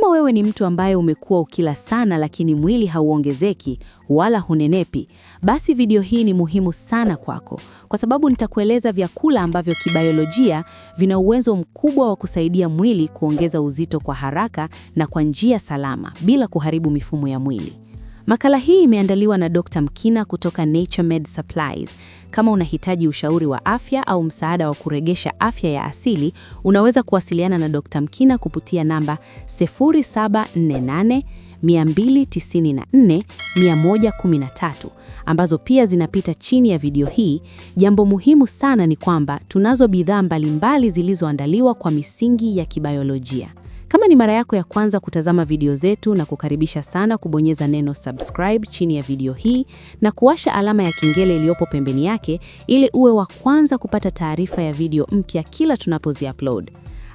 Kama wewe ni mtu ambaye umekuwa ukila sana lakini mwili hauongezeki wala hunenepi, basi video hii ni muhimu sana kwako, kwa sababu nitakueleza vyakula ambavyo kibayolojia vina uwezo mkubwa wa kusaidia mwili kuongeza uzito kwa haraka na kwa njia salama bila kuharibu mifumo ya mwili. Makala hii imeandaliwa na Dr. Mkina kutoka Naturemed Supplies. Kama unahitaji ushauri wa afya au msaada wa kuregesha afya ya asili, unaweza kuwasiliana na Dr. Mkina kupitia namba 0748 294 113 ambazo pia zinapita chini ya video hii. Jambo muhimu sana ni kwamba tunazo bidhaa mbalimbali zilizoandaliwa kwa misingi ya kibayolojia. Kama ni mara yako ya kwanza kutazama video zetu, na kukaribisha sana kubonyeza neno subscribe chini ya video hii na kuwasha alama ya kengele iliyopo pembeni yake ili uwe wa kwanza kupata taarifa ya video mpya kila tunapozi upload.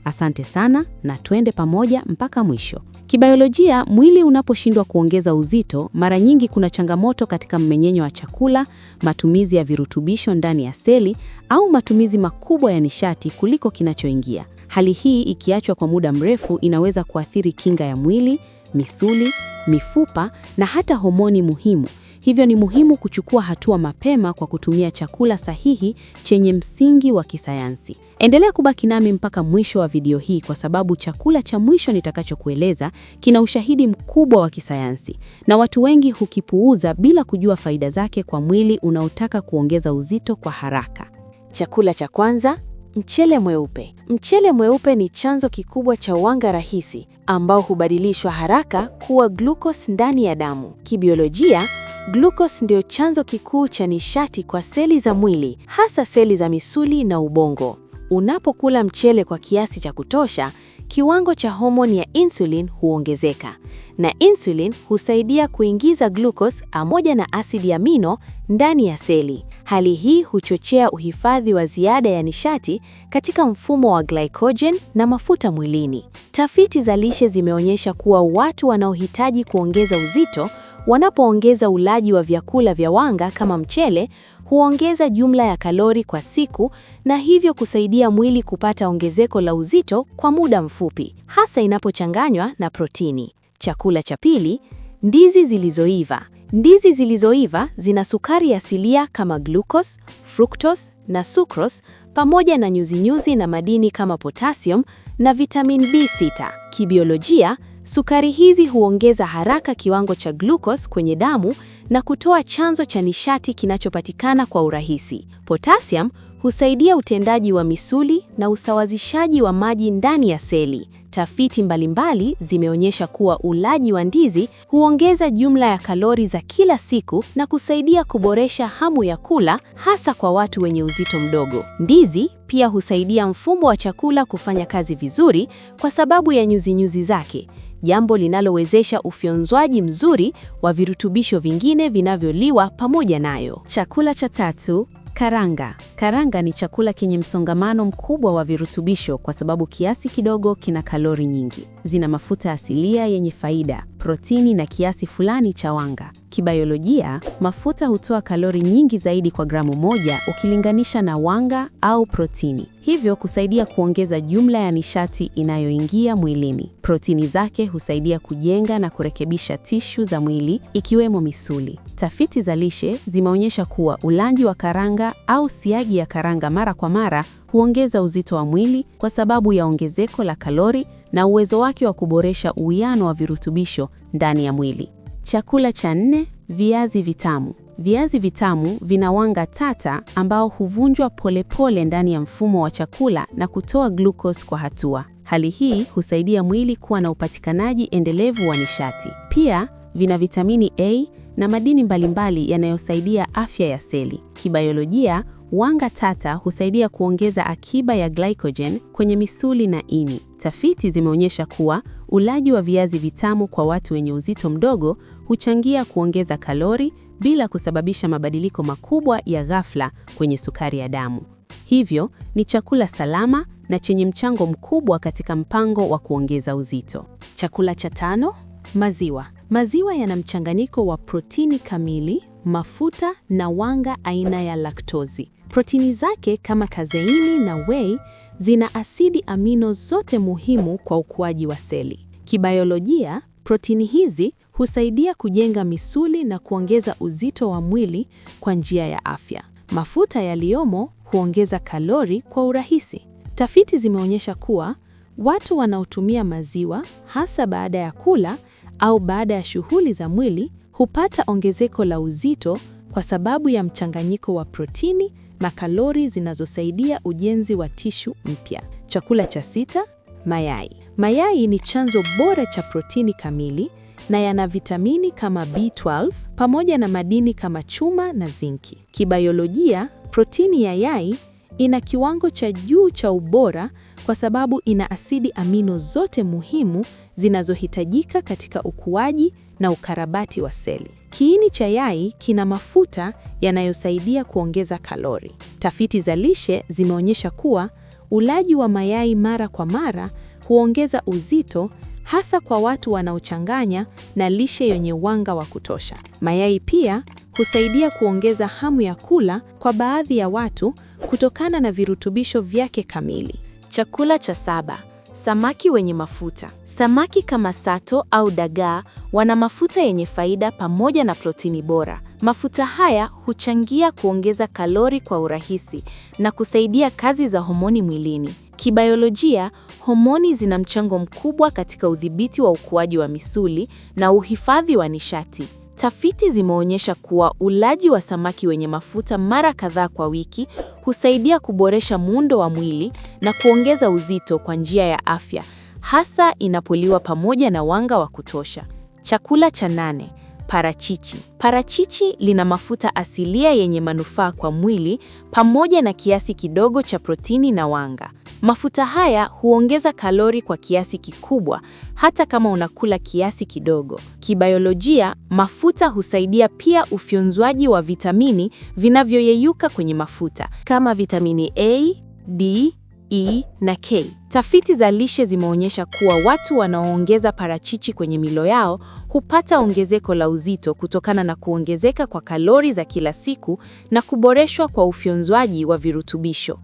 Asante sana na twende pamoja mpaka mwisho. Kibiolojia, mwili unaposhindwa kuongeza uzito, mara nyingi kuna changamoto katika mmenyenyo wa chakula, matumizi ya virutubisho ndani ya seli au matumizi makubwa ya nishati kuliko kinachoingia. Hali hii ikiachwa kwa muda mrefu inaweza kuathiri kinga ya mwili, misuli, mifupa na hata homoni muhimu. Hivyo ni muhimu kuchukua hatua mapema kwa kutumia chakula sahihi chenye msingi wa kisayansi. Endelea kubaki nami mpaka mwisho wa video hii kwa sababu chakula cha mwisho nitakachokueleza kina ushahidi mkubwa wa kisayansi na watu wengi hukipuuza bila kujua faida zake kwa mwili unaotaka kuongeza uzito kwa haraka. Chakula cha kwanza, Mchele mweupe. Mchele mweupe ni chanzo kikubwa cha wanga rahisi ambao hubadilishwa haraka kuwa glucose ndani ya damu. Kibiolojia, glucose ndio chanzo kikuu cha nishati kwa seli za mwili, hasa seli za misuli na ubongo. Unapokula mchele kwa kiasi cha kutosha, kiwango cha homoni ya insulin huongezeka, na insulin husaidia kuingiza glucose pamoja na asidi amino ndani ya seli. Hali hii huchochea uhifadhi wa ziada ya nishati katika mfumo wa glycogen na mafuta mwilini. Tafiti za lishe zimeonyesha kuwa watu wanaohitaji kuongeza uzito wanapoongeza ulaji wa vyakula vya wanga kama mchele, huongeza jumla ya kalori kwa siku na hivyo kusaidia mwili kupata ongezeko la uzito kwa muda mfupi, hasa inapochanganywa na protini. Chakula cha pili, ndizi zilizoiva. Ndizi zilizoiva zina sukari asilia kama glucose, fructose na sucrose pamoja na nyuzinyuzi na madini kama potassium na vitamin B6. Kibiolojia, sukari hizi huongeza haraka kiwango cha glucose kwenye damu na kutoa chanzo cha nishati kinachopatikana kwa urahisi. Potassium husaidia utendaji wa misuli na usawazishaji wa maji ndani ya seli. Tafiti mbalimbali zimeonyesha kuwa ulaji wa ndizi huongeza jumla ya kalori za kila siku na kusaidia kuboresha hamu ya kula hasa kwa watu wenye uzito mdogo. Ndizi pia husaidia mfumo wa chakula kufanya kazi vizuri kwa sababu ya nyuzinyuzi zake, jambo linalowezesha ufyonzwaji mzuri wa virutubisho vingine vinavyoliwa pamoja nayo. Chakula cha tatu, Karanga. Karanga ni chakula kenye msongamano mkubwa wa virutubisho kwa sababu kiasi kidogo kina kalori nyingi. Zina mafuta asilia yenye faida protini na kiasi fulani cha wanga. Kibayolojia, mafuta hutoa kalori nyingi zaidi kwa gramu moja ukilinganisha na wanga au protini, hivyo kusaidia kuongeza jumla ya nishati inayoingia mwilini. Protini zake husaidia kujenga na kurekebisha tishu za mwili ikiwemo misuli. Tafiti za lishe zimeonyesha kuwa ulanji wa karanga au siagi ya karanga mara kwa mara huongeza uzito wa mwili kwa sababu ya ongezeko la kalori na uwezo wake wa kuboresha uwiano wa virutubisho ndani ya mwili. Chakula cha nne, viazi vitamu. Viazi vitamu vina wanga tata ambao huvunjwa polepole ndani ya mfumo wa chakula na kutoa glucose kwa hatua. Hali hii husaidia mwili kuwa na upatikanaji endelevu wa nishati. Pia vina vitamini A na madini mbalimbali yanayosaidia afya ya seli. Kibayolojia, wanga tata husaidia kuongeza akiba ya glycogen kwenye misuli na ini. Tafiti zimeonyesha kuwa ulaji wa viazi vitamu kwa watu wenye uzito mdogo huchangia kuongeza kalori bila kusababisha mabadiliko makubwa ya ghafla kwenye sukari ya damu. Hivyo, ni chakula salama na chenye mchango mkubwa katika mpango wa kuongeza uzito. Chakula cha tano, maziwa. Maziwa yana mchanganyiko wa protini kamili, mafuta na wanga aina ya laktozi. Protini zake kama kazeini na whey zina asidi amino zote muhimu kwa ukuaji wa seli. Kibayolojia, protini hizi husaidia kujenga misuli na kuongeza uzito wa mwili kwa njia ya afya. Mafuta yaliyomo huongeza kalori kwa urahisi. Tafiti zimeonyesha kuwa watu wanaotumia maziwa hasa baada ya kula au baada ya shughuli za mwili hupata ongezeko la uzito kwa sababu ya mchanganyiko wa protini na kalori zinazosaidia ujenzi wa tishu mpya. Chakula cha sita, mayai. Mayai ni chanzo bora cha protini kamili na yana vitamini kama B12 pamoja na madini kama chuma na zinki. Kibayolojia, protini ya yai ina kiwango cha juu cha ubora kwa sababu ina asidi amino zote muhimu zinazohitajika katika ukuaji na ukarabati wa seli. Kiini cha yai kina mafuta yanayosaidia kuongeza kalori. Tafiti za lishe zimeonyesha kuwa ulaji wa mayai mara kwa mara huongeza uzito hasa kwa watu wanaochanganya na lishe yenye wanga wa kutosha. Mayai pia husaidia kuongeza hamu ya kula kwa baadhi ya watu kutokana na virutubisho vyake kamili. Chakula cha saba: Samaki wenye mafuta. Samaki kama sato au dagaa wana mafuta yenye faida pamoja na protini bora. Mafuta haya huchangia kuongeza kalori kwa urahisi na kusaidia kazi za homoni mwilini. Kibiolojia, homoni zina mchango mkubwa katika udhibiti wa ukuaji wa misuli na uhifadhi wa nishati. Tafiti zimeonyesha kuwa ulaji wa samaki wenye mafuta mara kadhaa kwa wiki husaidia kuboresha muundo wa mwili na kuongeza uzito kwa njia ya afya, hasa inapoliwa pamoja na wanga wa kutosha. Chakula cha nane, parachichi. Parachichi lina mafuta asilia yenye manufaa kwa mwili pamoja na kiasi kidogo cha protini na wanga. Mafuta haya huongeza kalori kwa kiasi kikubwa hata kama unakula kiasi kidogo. Kibayolojia, mafuta husaidia pia ufyonzwaji wa vitamini vinavyoyeyuka kwenye mafuta kama vitamini A, D E na K. Tafiti za lishe zimeonyesha kuwa watu wanaoongeza parachichi kwenye milo yao hupata ongezeko la uzito kutokana na kuongezeka kwa kalori za kila siku na kuboreshwa kwa ufyonzwaji wa virutubisho.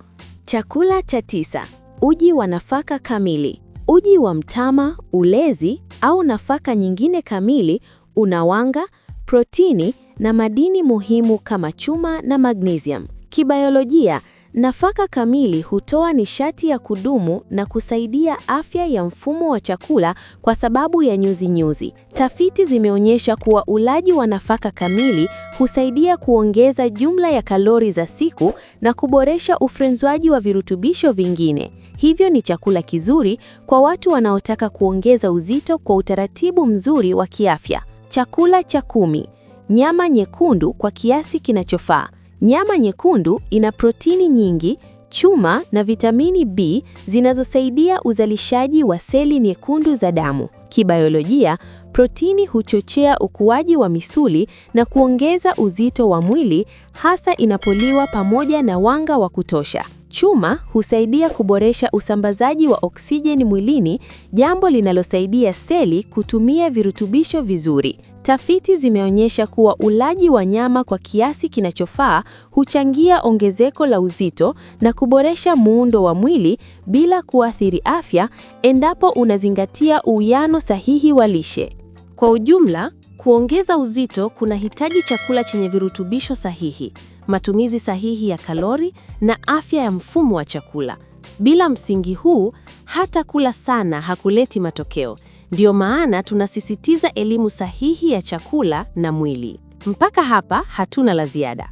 Chakula cha tisa: uji wa nafaka kamili. Uji wa mtama, ulezi au nafaka nyingine kamili una wanga, protini na madini muhimu kama chuma na magnesium. Kibayolojia Nafaka kamili hutoa nishati ya kudumu na kusaidia afya ya mfumo wa chakula kwa sababu ya nyuzi nyuzi. Tafiti zimeonyesha kuwa ulaji wa nafaka kamili husaidia kuongeza jumla ya kalori za siku na kuboresha ufrenzwaji wa virutubisho vingine. Hivyo ni chakula kizuri kwa watu wanaotaka kuongeza uzito kwa utaratibu mzuri wa kiafya. Chakula cha kumi: nyama nyekundu kwa kiasi kinachofaa. Nyama nyekundu ina protini nyingi, chuma na vitamini B zinazosaidia uzalishaji wa seli nyekundu za damu. Kibiolojia, protini huchochea ukuaji wa misuli na kuongeza uzito wa mwili, hasa inapoliwa pamoja na wanga wa kutosha. Chuma husaidia kuboresha usambazaji wa oksijeni mwilini, jambo linalosaidia seli kutumia virutubisho vizuri. Tafiti zimeonyesha kuwa ulaji wa nyama kwa kiasi kinachofaa huchangia ongezeko la uzito na kuboresha muundo wa mwili bila kuathiri afya endapo unazingatia uwiano sahihi wa lishe. Kwa ujumla, kuongeza uzito kunahitaji chakula chenye virutubisho sahihi, matumizi sahihi ya kalori na afya ya mfumo wa chakula. Bila msingi huu, hata kula sana hakuleti matokeo. Ndiyo maana tunasisitiza elimu sahihi ya chakula na mwili. Mpaka hapa hatuna la ziada.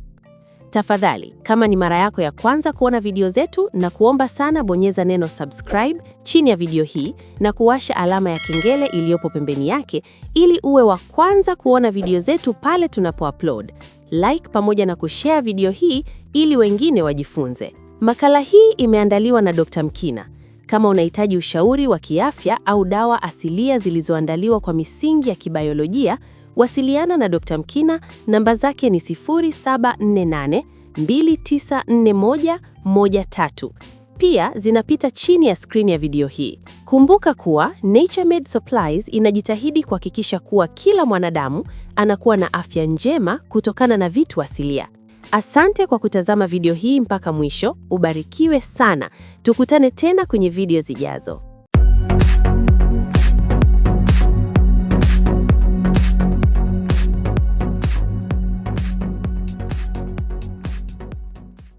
Tafadhali, kama ni mara yako ya kwanza kuona video zetu, na kuomba sana bonyeza neno subscribe chini ya video hii na kuwasha alama ya kengele iliyopo pembeni yake ili uwe wa kwanza kuona video zetu pale tunapoupload. Like pamoja na kushare video hii ili wengine wajifunze. Makala hii imeandaliwa na Dr. Mkina kama unahitaji ushauri wa kiafya au dawa asilia zilizoandaliwa kwa misingi ya kibayolojia, wasiliana na Dr. Mkina. Namba zake ni 0748294113. Pia zinapita chini ya skrini ya video hii. Kumbuka kuwa Naturemed Supplies inajitahidi kuhakikisha kuwa kila mwanadamu anakuwa na afya njema kutokana na vitu asilia. Asante kwa kutazama video hii mpaka mwisho. Ubarikiwe sana. Tukutane tena kwenye video zijazo.